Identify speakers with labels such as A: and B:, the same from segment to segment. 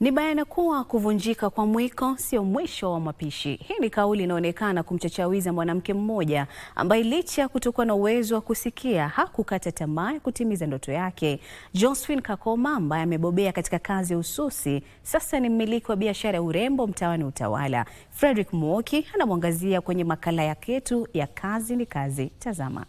A: Ni bayana kuwa kuvunjika kwa mwiko sio mwisho wa mapishi. Hii ni kauli inaonekana kumchachawiza mwanamke mmoja ambaye licha ya kutokuwa na uwezo wa kusikia hakukata tamaa ya kutimiza ndoto yake. Josephine Kakoma ambaye amebobea katika kazi ya ususi, sasa ni mmiliki wa biashara ya urembo mtaani Utawala. Frederick Muoki anamwangazia kwenye makala yetu ya Kazi ni Kazi. Tazama.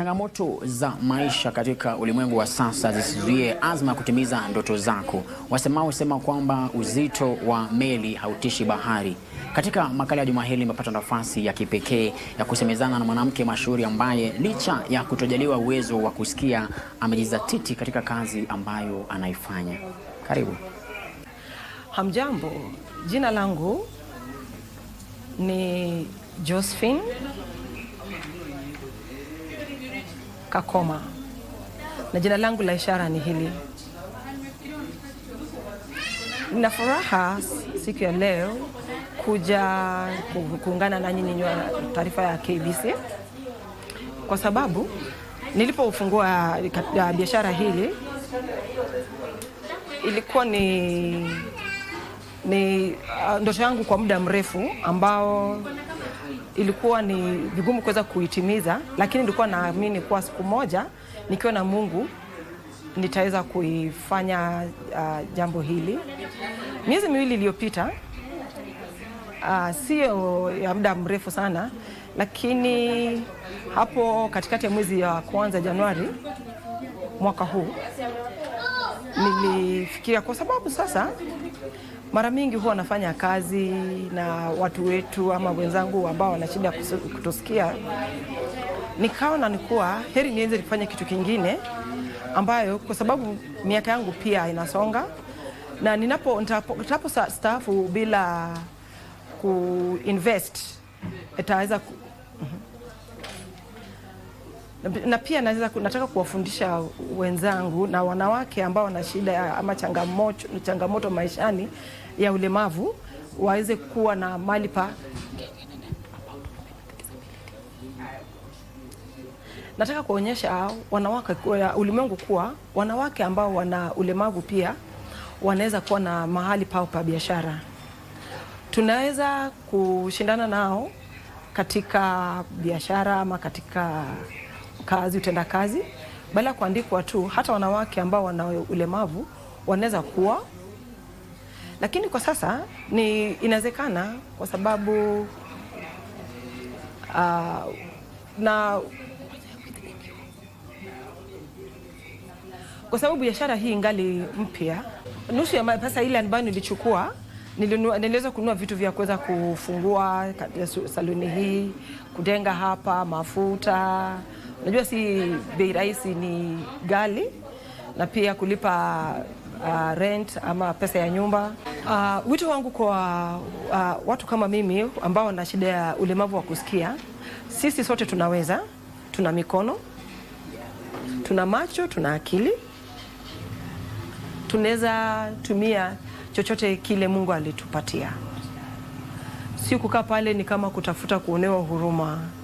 B: Changamoto za maisha katika ulimwengu wa sasa zisizuie azma ya kutimiza ndoto zako. Wasemao husema kwamba uzito wa meli hautishi bahari. Katika makala ya juma hili nimepata nafasi ya kipekee ya kusemezana na mwanamke mashuhuri ambaye licha ya kutojaliwa uwezo wa kusikia amejizatiti katika kazi ambayo anaifanya. Karibu.
C: Hamjambo, jina langu ni Josephine Kakoma na jina langu la ishara ni hili. Nina furaha siku ya leo kuja kuungana nanyi ninywa taarifa ya KBC kwa sababu nilipofungua biashara hili ilikuwa ni, ni uh, ndoto yangu kwa muda mrefu ambao ilikuwa ni vigumu kuweza kuitimiza, lakini nilikuwa naamini kuwa siku moja nikiwa na Mungu nitaweza kuifanya uh, jambo hili. Miezi miwili iliyopita, uh, sio ya muda mrefu sana, lakini hapo katikati ya mwezi wa kwanza Januari mwaka huu nilifikiria kwa sababu sasa mara mingi huwa nafanya kazi na watu wetu ama wenzangu ambao wana shida kutosikia, nikaona nikuwa heri niweze kufanya kitu kingine ambayo, kwa sababu miaka yangu pia inasonga na ninapo nitapo staafu bila kuinvest itaweza ku na pia naweza, nataka kuwafundisha wenzangu na wanawake ambao wana shida ama changamoto, changamoto maishani ya ulemavu waweze kuwa na mali pa nataka kuonyesha wanawake ulimwengu kuwa wanawake ambao wana ulemavu pia wanaweza kuwa na mahali pao pa biashara. Tunaweza kushindana nao katika biashara ama katika kazi, utenda kazi. Baada kuandikwa tu, hata wanawake ambao wana ulemavu wanaweza kuwa, lakini kwa sasa ni inawezekana kwa sababu uh, na kwa sababu biashara hii ngali mpya. Nusu ya pesa ile ambayo nilichukua niliweza kununua vitu vya kuweza kufungua saluni hii, kudenga hapa mafuta Unajua si bei rahisi, ni gali na pia kulipa uh, rent ama pesa ya nyumba. Uh, wito wangu kwa uh, watu kama mimi ambao na shida ya ulemavu wa kusikia, sisi sote tunaweza. Tuna mikono, tuna macho, tuna akili, tunaweza tumia chochote kile Mungu alitupatia. Si kukaa pale ni kama kutafuta kuonewa huruma.